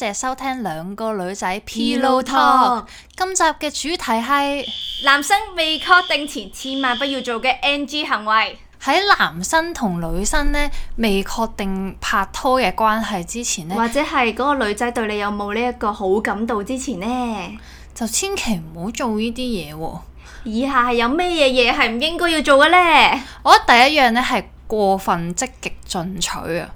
多謝收聽兩個女仔 Pillow Talk。今集嘅主題係男生未確定前千萬不要做嘅 NG 行為。喺男生同女生呢，未確定拍拖嘅關係之前呢，或者係嗰個女仔對你有冇呢一個好感度之前呢，就千祈唔好做呢啲嘢。以下係有咩嘢嘢係唔應該要做嘅呢？我覺得第一樣呢係過分積極進取啊。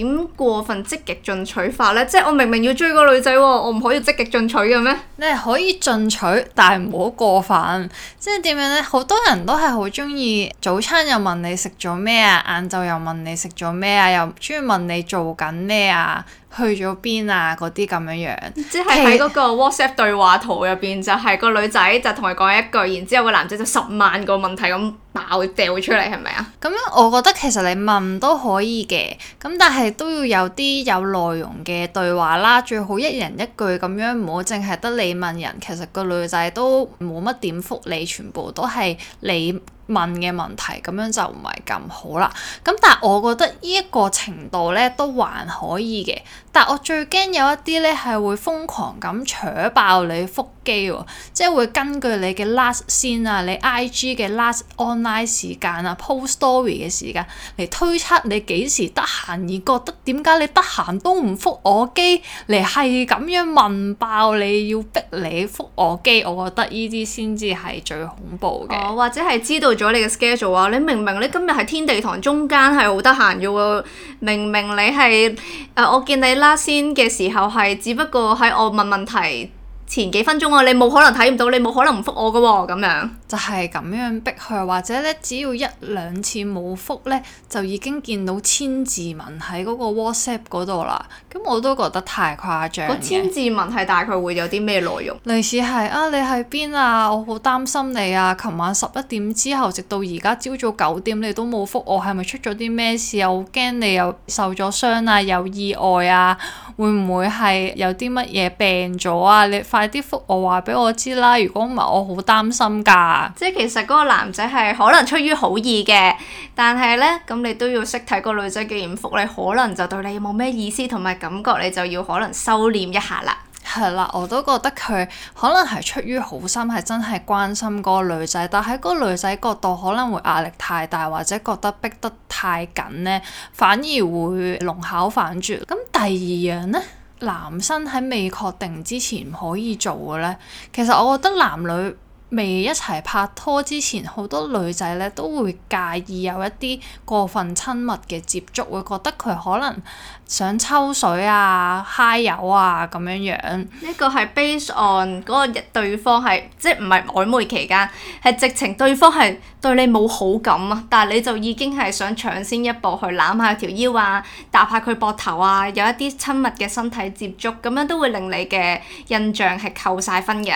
點過分積極進取法呢？即係我明明要追個女仔喎，我唔可以積極進取嘅咩？你係可以進取，但係唔好過分。即係點樣呢？好多人都係好中意早餐又問你食咗咩啊，晏晝又問你食咗咩啊，又中意問你做緊咩啊。去咗邊啊？嗰啲咁樣樣，即係喺嗰個 WhatsApp 對話圖入邊，其就係個女仔就同佢講一句，然之後個男仔就十萬個問題咁爆掉出嚟，係咪啊？咁樣我覺得其實你問都可以嘅，咁但係都要有啲有內容嘅對話啦，最好一人一句咁樣，唔好淨係得你問人。其實個女仔都冇乜點覆你，全部都係你問嘅問題，咁樣就唔係咁好啦，咁但係我覺得呢一個程度咧都還可以嘅，但我最驚有一啲咧係會瘋狂咁灼爆你覆機喎，即係會根據你嘅 last 先啊，你 I G 嘅 last online 時間啊，po story s t 嘅時間嚟推測你幾時得閒。而覺得點解你得閒都唔覆我機，嚟係咁樣問爆你，要逼你覆我機。我覺得呢啲先至係最恐怖嘅。哦、啊，或者係知道咗你嘅 schedule 啊，你明明你今日係天地堂中間係好得閒嘅喎，明明你係誒、啊，我見你 last 先嘅時候係，只不過喺我問問題，前幾分鐘啊，你冇可能睇唔到，你冇可能唔覆我噶喎、哦，咁樣。就係咁樣逼佢，或者咧只要一兩次冇覆咧，就已經見到千字文喺嗰個 WhatsApp 嗰度啦。咁我都覺得太誇張。千字文係大概會有啲咩內容？類似係啊，你喺邊啊？我好擔心你啊！琴晚十一點之後，直到而家朝早九點，你都冇覆我，係咪出咗啲咩事啊？我驚你又受咗傷啊，有意外啊？會唔會係有啲乜嘢病咗啊？你快啲覆我話俾我知啦！如果唔係，我好擔心㗎。即係其實嗰個男仔係可能出於好意嘅，但係呢，咁你都要識睇個女仔嘅回覆，你可能就對你冇咩意思同埋感覺，你就要可能收斂一下啦。係啦，我都覺得佢可能係出於好心，係真係關心嗰個女仔，但喺嗰個女仔角度可能會壓力太大，或者覺得逼得太緊呢，反而會弄巧反拙。咁第二樣呢，男生喺未確定之前唔可以做嘅呢，其實我覺得男女。未一齊拍拖之前，好多女仔咧都會介意有一啲過分親密嘅接觸，會覺得佢可能想抽水啊、揩油啊咁樣樣。呢個係 base on 嗰個對方係即係唔係曖昧期間，係直情對方係對你冇好感啊，但係你就已經係想搶先一步去攬下佢條腰啊、搭下佢膊頭啊，有一啲親密嘅身體接觸，咁樣都會令你嘅印象係扣晒分嘅。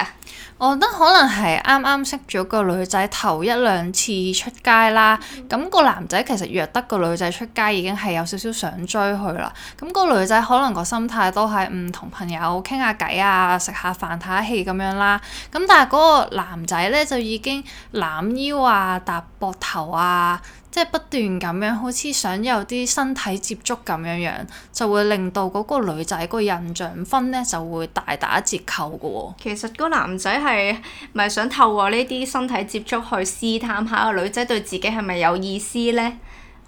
我覺得可能係。啱啱識咗個女仔，頭一兩次出街啦，咁個男仔其實約得個女仔出街已經係有少少想追佢啦。咁個女仔可能個心態都係唔同朋友傾下偈啊，食下飯睇下戲咁樣啦。咁但係嗰個男仔呢，就已經攬腰啊，搭膊頭啊。即係不斷咁樣，好似想有啲身體接觸咁樣樣，就會令到嗰個女仔個印象分呢就會大打折扣嘅喎、哦。其實嗰男仔係咪想透過呢啲身體接觸去試探下個女仔對自己係咪有意思呢？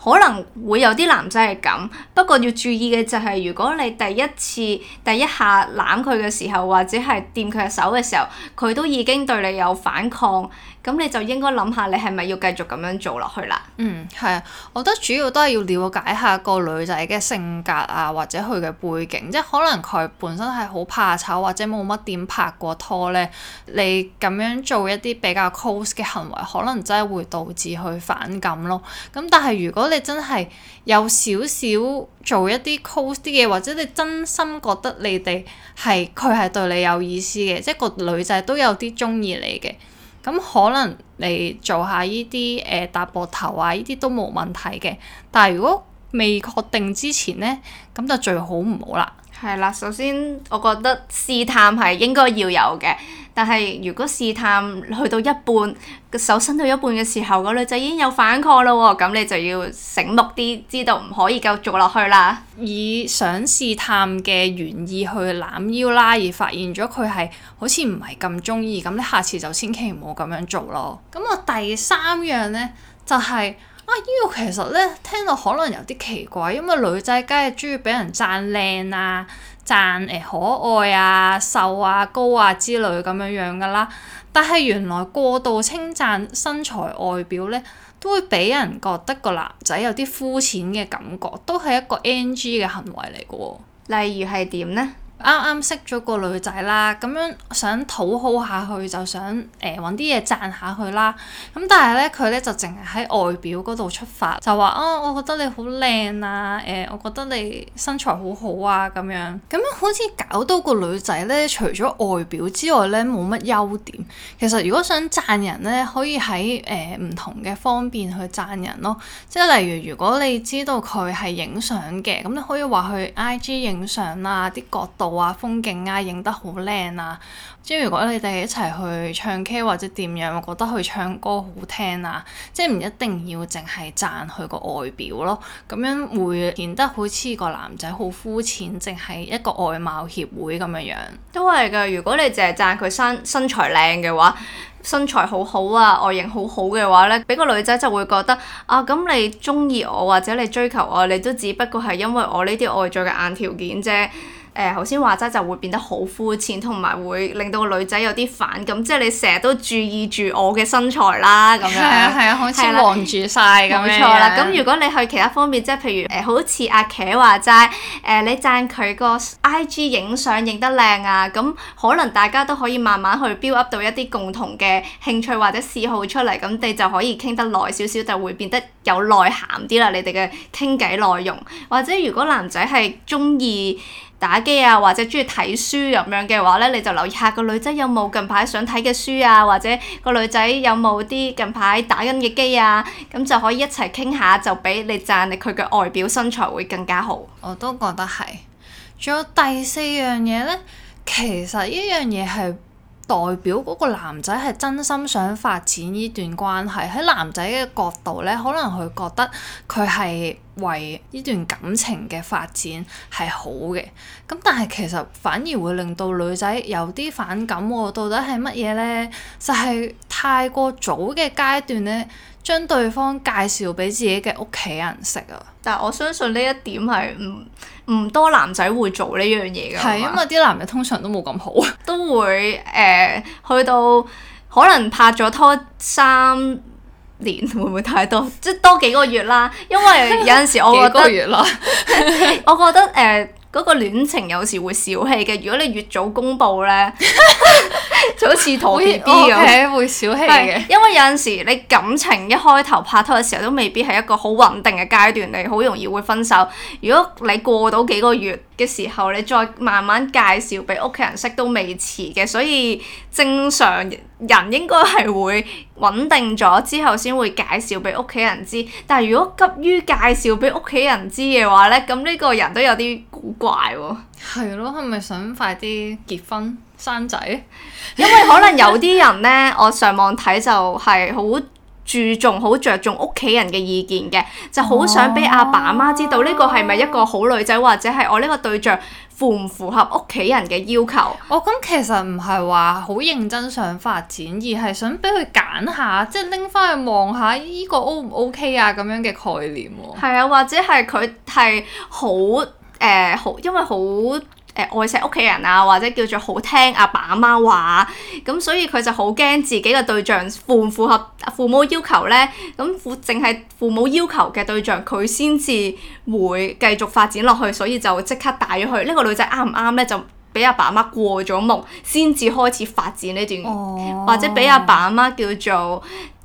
可能會有啲男仔係咁，不過要注意嘅就係，如果你第一次第一下攬佢嘅時候，或者係掂佢嘅手嘅時候，佢都已經對你有反抗。咁你就應該諗下，你係咪要繼續咁樣做落去啦？嗯，係啊，我覺得主要都係要了解下個女仔嘅性格啊，或者佢嘅背景，即係可能佢本身係好怕醜，或者冇乜點拍過拖咧。你咁樣做一啲比較 close 嘅行為，可能真係會導致佢反感咯。咁但係如果你真係有少少做一啲 close 啲嘅，或者你真心覺得你哋係，佢係對你有意思嘅，即係個女仔都有啲中意你嘅。咁可能你做下呢啲誒搭膊頭啊，呢啲都冇問題嘅。但係如果未確定之前呢，咁就最好唔好啦。係啦，首先我覺得試探係應該要有嘅。但係如果試探去到一半，個手伸到一半嘅時候，個女仔已經有反抗咯。咁你就要醒目啲，知道唔可以繼續落去啦。以想試探嘅原意去攬腰啦，而發現咗佢係好似唔係咁中意，咁你下次就千祈唔好咁樣做咯。咁我第三樣呢，就係啊，呢個其實呢，聽到可能有啲奇怪，因為女仔梗係中意俾人讚靚呀。讚誒、欸、可愛啊、瘦啊、高啊之類咁樣樣噶啦，但係原來過度稱讚身材外表呢，都會俾人覺得個男仔有啲膚淺嘅感覺，都係一個 NG 嘅行為嚟嘅喎。例如係點呢？啱啱識咗個女仔啦，咁樣想討好下佢，就想誒揾啲嘢贊下佢啦。咁但係咧，佢咧就淨係喺外表嗰度出發，就話啊、哦，我覺得你好靚啊，誒、呃，我覺得你身材好好啊咁樣。咁樣好似搞到個女仔咧，除咗外表之外咧，冇乜優點。其實如果想贊人咧，可以喺誒唔同嘅方面去贊人咯。即係例如，如果你知道佢係影相嘅，咁你可以話佢 IG 影相啊，啲角度。話風景啊，影得好靚啊！即係如果你哋一齊去唱 K 或者點樣，我覺得佢唱歌好聽啊，即係唔一定要淨係讚佢個外表咯。咁樣會顯得好似個男仔好膚淺，淨係一個外貌協會咁樣樣都係噶。如果你淨係讚佢身身材靚嘅話，身材好好啊，外形好好嘅話呢，俾個女仔就會覺得啊，咁你中意我或者你追求我，你都只不過係因為我呢啲外在嘅硬條件啫。誒，頭先話齋就會變得好膚淺，同埋會令到女仔有啲反感。即係你成日都注意住我嘅身材啦，咁樣係啊，好似望住晒咁樣。冇錯啦。咁如果你去其他方面，即係譬如誒、欸，好似阿茄話齋誒，你讚佢個 I G 影相影得靚啊，咁可能大家都可以慢慢去標 up 到一啲共同嘅興趣或者嗜好出嚟，咁你就可以傾得耐少少，就會變得有內涵啲啦。你哋嘅傾偈內容，或者如果男仔係中意打機啊，或者中意睇書咁樣嘅話呢，你就留意下個女仔有冇近排想睇嘅書啊，或者個女仔有冇啲近排打緊嘅機啊，咁就可以一齊傾下，就比你讚佢嘅外表身材會更加好。我都覺得係。仲有第四樣嘢呢？其實呢樣嘢係。代表嗰個男仔係真心想發展呢段關係，喺男仔嘅角度呢，可能佢覺得佢係為呢段感情嘅發展係好嘅。咁但係其實反而會令到女仔有啲反感喎。到底係乜嘢呢？就係太過早嘅階段呢，將對方介紹俾自己嘅屋企人識。啊。但係我相信呢一點係唔唔多男仔會做呢樣嘢㗎，係對嗎因為啲男嘅通常都冇咁好，都會誒、呃、去到可能拍咗拖三年，會唔會太多？即多幾個月啦，因為有陣時我覺得 幾個月 我覺得誒。呃嗰個戀情有時會小氣嘅，如果你越早公布咧， 就好似陀 BB 咁， 會小氣嘅。因為有陣時你感情一開頭拍拖嘅時候都未必係一個好穩定嘅階段，你好容易會分手。如果你過到幾個月嘅時候，你再慢慢介紹俾屋企人識都未遲嘅。所以正常人應該係會穩定咗之後先會介紹俾屋企人知。但係如果急於介紹俾屋企人知嘅話咧，咁呢個人都有啲～好怪喎、啊，係咯，係咪想快啲結婚生仔？ 因為可能有啲人呢，我上網睇就係好注重、好着重屋企人嘅意見嘅，就好想俾阿爸阿媽知道呢個係咪一個好女仔，或者係我呢個對象符唔符合屋企人嘅要求？我咁、 哦、其實唔係話好認真想發展，而係想俾佢揀下，即係拎翻去望下呢個 O 唔 OK 啊咁樣嘅概念。係啊，或者係佢係好。誒好、呃，因為好誒愛錫屋企人啊，或者叫做好聽阿爸阿媽話、啊，咁所以佢就好驚自己嘅對象符唔符合父母要求呢。咁父淨係父母要求嘅對象，佢先至會繼續發展落去，所以就即刻帶咗去。呢、呢個女仔啱唔啱呢？就俾阿爸阿媽過咗目，先至開始發展呢段，哦、或者俾阿爸阿媽叫做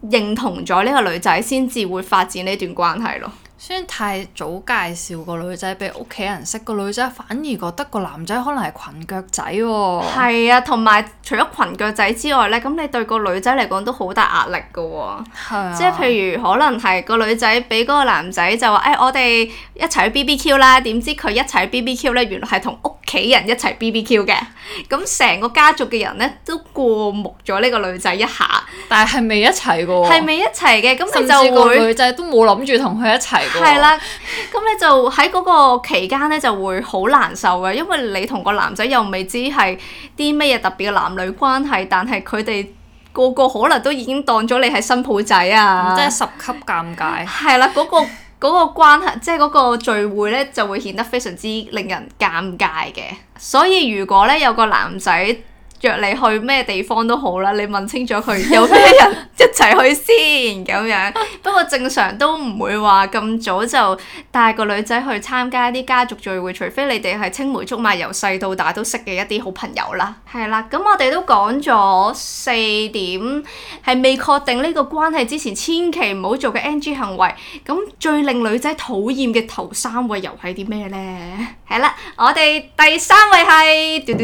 認同咗呢個女仔，先至會發展呢段關係咯。先太早介紹個女仔俾屋企人識，個女仔反而覺得個男仔可能係裙腳仔喎、哦。係啊，同埋除咗裙腳仔之外呢，咁你對個女仔嚟講都好大壓力㗎喎、哦。啊、即係譬如可能係個女仔俾嗰個男仔就話：，唉、哎，我哋一齊去 BBQ 啦，點知佢一齊去 BBQ 呢，原來係同屋。幾人一齊 BBQ 嘅，咁成個家族嘅人呢，都過目咗呢個女仔一下。但係係未一齊嘅喎。係未一齊嘅，咁就甚至個女仔都冇諗住同佢一齊過。係啦，咁你就喺嗰個期間呢，就會好難受嘅，因為你同個男仔又未知係啲乜嘢特別嘅男女關係，但係佢哋個個可能都已經當咗你係新抱仔啊，即係、嗯、十級尷尬。係啦，嗰、嗰個。 嗰個關係，即係嗰個聚會咧，就會顯得非常之令人尷尬嘅。所以如果咧有個男仔。約你去咩地方都好啦，你問清楚佢有咩人一齊去先咁樣。不過正常都唔會話咁早就帶個女仔去參加啲家族聚會，除非你哋係青梅竹馬由細到大都識嘅一啲好朋友啦。係啦，咁我哋都講咗四點係未確定呢個關係之前，千祈唔好做嘅 NG 行為。咁最令女仔討厭嘅頭三位又係啲咩呢？係啦，我哋第三位係。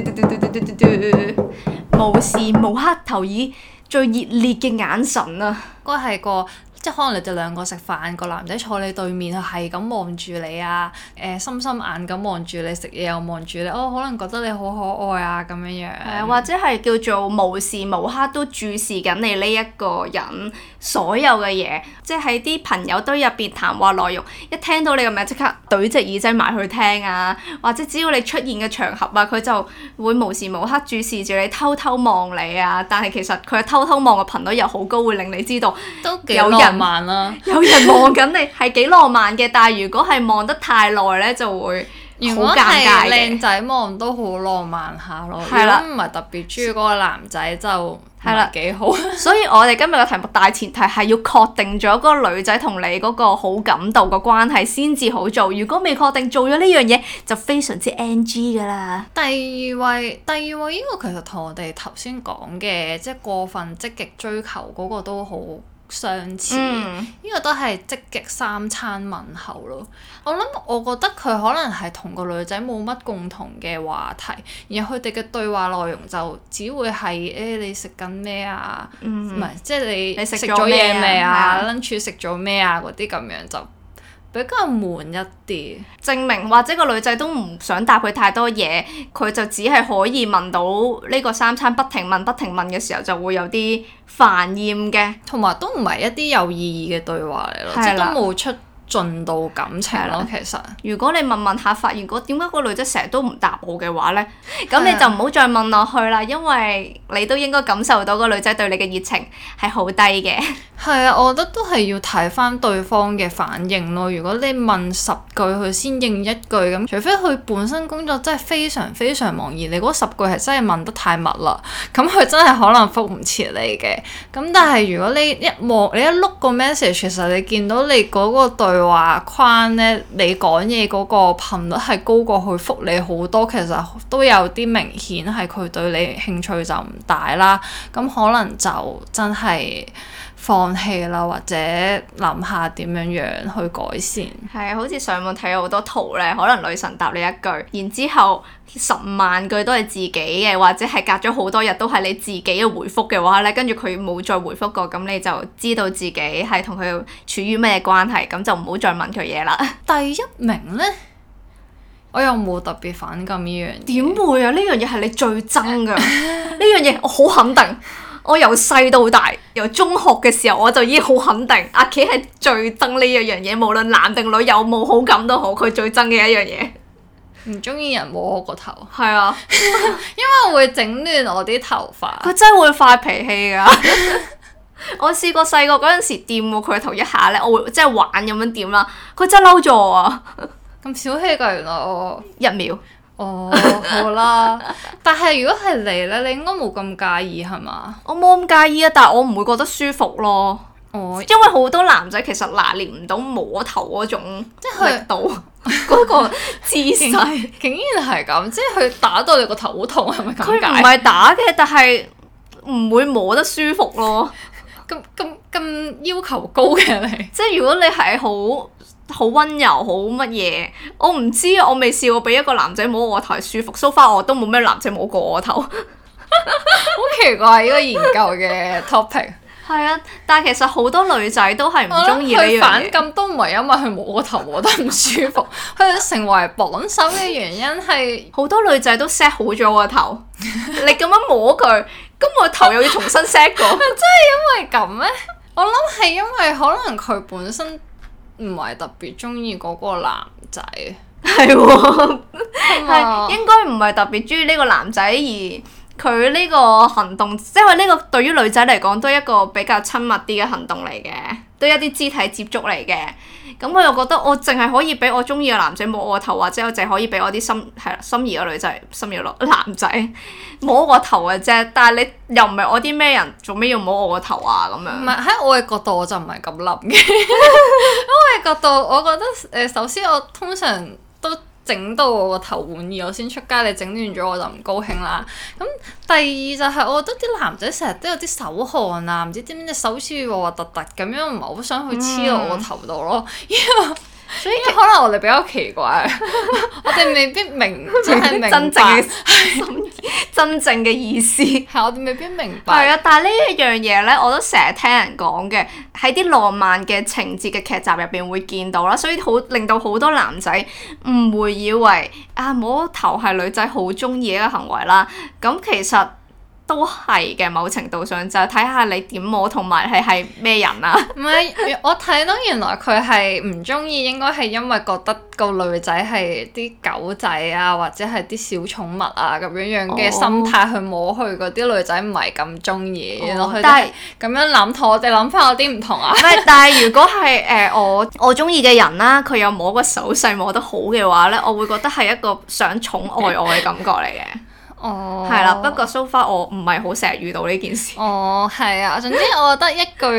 無時無刻投以最熱烈嘅眼神啊！該係個。即係可能你哋兩個食飯，個男仔坐你對面，佢係咁望住你啊！誒、呃，心心眼咁望住你食嘢，又望住你，哦，可能覺得你好可愛啊咁樣樣，嗯。或者係叫做無時無刻都注視緊你呢一個人，所有嘅嘢，即係啲朋友堆入邊談話內容，一聽到你嘅名即刻懟隻耳仔埋去聽啊！或者只要你出現嘅場合啊，佢就會無時無刻注視住你，偷偷望你啊！但係其實佢偷偷望嘅頻率又好高，會令你知道都挺有人。慢啦、啊， 有人望緊你係幾浪漫嘅， 但係如果係望得太耐呢，就會好尷尬嘅。靚仔望都好浪漫下咯，的如果唔係特別中意嗰個男仔就係啦幾好。的 所以我哋今日嘅題目大前提係要確定咗嗰個女仔同你嗰個好感度嘅關係先至好做。如果未確定做咗呢樣嘢，就非常之 NG 㗎喇。第二位，第二位應該其實同我哋頭先講嘅即係過分積極追求嗰個都好。相似，呢、嗯、個都係積極三餐問候咯。我諗我覺得佢可能係同個女仔冇乜共同嘅話題，而佢哋嘅對話內容就只會係誒、哎、你食緊咩啊？唔係、嗯、即係你食咗嘢未啊，lunch 食咗咩啊，嗰啲咁樣就。比較悶一啲，證明或者個女仔都唔想答佢太多嘢，佢就只係可以問到呢個三餐，不停問不停問，嘅時候就會有啲煩厭嘅，同埋都唔係一啲有意義嘅對話嚟咯，的即都冇出。進度感情咯，其實如果你問問下，發現我點解個女仔成日都唔答我嘅話呢，咁你就唔好再問落去啦，的因為你都應該感受到個女仔對你嘅熱情係好低嘅。係啊，我覺得都係要睇返對方嘅反應咯。如果你問十句，佢先應一句咁，除非佢本身工作真係非常非常忙，而你嗰十句係真係問得太密啦，咁佢真係可能覆唔切你嘅。咁但係如果你一望你一碌個 message，其實你見到你嗰個對話框咧，你講嘢嗰個頻率係高過佢覆你好多，其實都有啲明顯係佢對你興趣就唔大啦。咁可能就真係放棄啦，或者諗下點樣樣去改善。係啊，好似上網睇好多圖咧，可能女神答你一句，然之後十萬句都係自己嘅，或者係隔咗好多日都係你自己嘅回覆嘅話咧，跟住佢冇再回覆過，咁你就知道自己係同佢處於咩關係，咁就冇。唔好再問佢嘢啦。第一名呢？我又冇特別反感呢樣嘢。點會啊？呢樣嘢係你最憎㗎。呢樣嘢我好肯定。我由細到大，由中學嘅時候我就已經好肯定，阿琪係最憎呢一樣嘢。無論男定女，有冇好感都好，佢最憎嘅一樣嘢。唔中意人摸我個頭。係啊，因為會整亂我啲頭髮。佢真係會發脾氣㗎。 我試過細個嗰陣時掂喎，佢頭一下呢，我會即係玩咁樣掂啦。佢真係嬲咗我啊！咁小氣噶，原來我一秒哦好啦。 但係如果係你呢，你應該冇咁介意係嘛？我冇咁介意啊，但係我唔會覺得舒服咯。哦，因為好多男仔其實拿捏唔到摸頭嗰種即係力度嗰、 嗰個 姿勢，竟然係咁，即係佢打到你頭是是個頭好痛係咪咁解？唔係打嘅，但係唔會摸得舒服咯。 咁咁咁要求高嘅你，即係如果你係好好溫柔好乜嘢，我唔知我未試過俾一個男仔摸我頭舒服，so far 我都冇咩男仔摸過我頭， 好奇怪呢個研究嘅 topic。係啊，但係其實好多女仔都係唔中意呢樣嘢。佢反撳都唔係因為佢摸個頭摸得唔舒服，佢成為榜首嘅原因係好多女仔都 set 好咗個頭，你咁樣摸佢。 咁我頭又要重新 set 過， 真係因為咁咩？我諗係因為可能佢本身唔係特別中意嗰個男仔，係喎，係應該唔係特別中意呢個男仔，而佢呢個行動，即係呢個對於女仔嚟講都係一個比較親密啲嘅行動嚟嘅，都一啲肢體接觸嚟嘅。咁我又覺得我淨係可以俾我中意嘅男仔摸我個頭，或者我淨係可以俾我啲心係啦心儀嘅女仔、心儀，心儀男仔摸我個頭嘅啫。但係你又唔係我啲咩人，做咩要摸我個頭啊？咁樣唔係喺我嘅角度我就唔係咁諗嘅。因 為 角度我覺得誒、呃，首先我通常。整到我個頭滿意，我先出街。你整亂咗我就唔高興啦。咁第二就係我覺得啲男仔成日都有啲手汗啊，唔知點隻手黐滑滑突突咁樣，唔係好想去黐落我個頭度咯，因為。嗯，因為 所以可能我哋比較奇怪， 我哋未必明真係真正嘅意，真正嘅意思係我哋未必明白。係啊，但係呢一樣嘢咧，我都成日聽人講嘅，喺啲浪漫嘅情節嘅劇集入邊會見到啦，所以好令到好多男仔唔會以為啊摸頭係女仔好中意嘅行為啦。咁其實～都係嘅，某程度上就睇下你點摸同埋係係咩人啊。唔係，我睇到原來佢係唔中意，應該係因為覺得個女仔係啲狗仔啊，或者係啲小寵物啊咁樣樣嘅心態去摸去，佢。嗰啲女仔唔係咁中意。原來佢但係咁樣諗同我哋諗翻有啲唔同啊。唔係，但係如果係誒、呃、我 我中意嘅人啦、啊，佢又摸個手勢摸得好嘅話呢，我會覺得係一個想寵愛我嘅感覺嚟嘅。哦，係啦、oh，不過 so far 我唔係好成日遇到呢件事。哦，係啊，總之我覺得一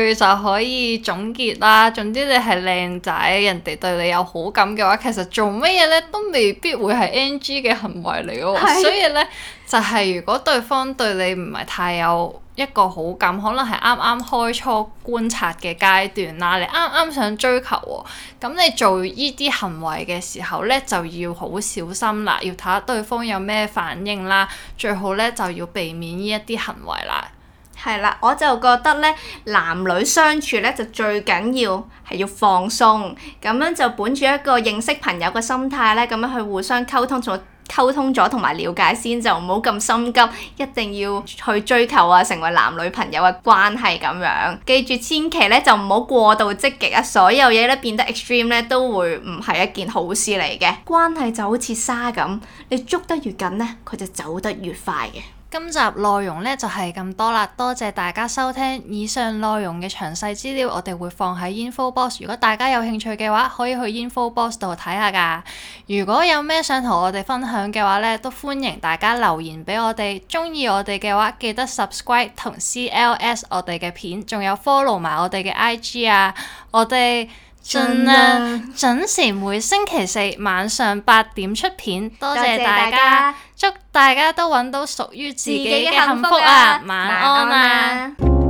句就可以總結啦。 總之你係靚仔，人哋對你有好感嘅話，其實做乜嘢呢都未必會係 NG 嘅行為嚟嘅喎。的所以呢，就係、是、如果對方對你唔係太有一個好感可能係啱啱開初觀察嘅階段啦，你啱啱想追求喎，咁你做依啲行為嘅時候咧就要好小心啦，要睇下對方有咩反應啦，最好咧就要避免呢一啲行為啦。係啦，我就覺得咧，男女相處咧就最緊要係要放鬆，咁樣就本住一個認識朋友嘅心態咧，咁樣去互相溝通咗。溝通咗同埋了解先，就唔好咁心急，一定要去追求啊，成為男女朋友嘅關係咁樣。記住，千祈咧就唔好過度積極啊，所有嘢咧變得 extreme 咧，都會唔係一件好事嚟嘅。關係就好似沙咁，你捉得越緊咧，佢就走得越快嘅。今集內容呢就係咁多啦，多謝大家收聽。以上內容嘅詳細資料我哋會放喺 info box，如果大家有興趣嘅話，可以去 info box 度睇下噶。如果有咩想同我哋分享嘅話呢，都歡迎大家留言俾我哋。中意我哋嘅話，記得 subscribe 同 CLS 我哋嘅片，仲有 follow 埋我哋嘅 IG 啊，我哋。盡量、啊、 準時每星期四晚上八點出片，多謝大家，大家祝大家都揾到屬於自己嘅幸福啊！幸福啊，晚安啦、啊、～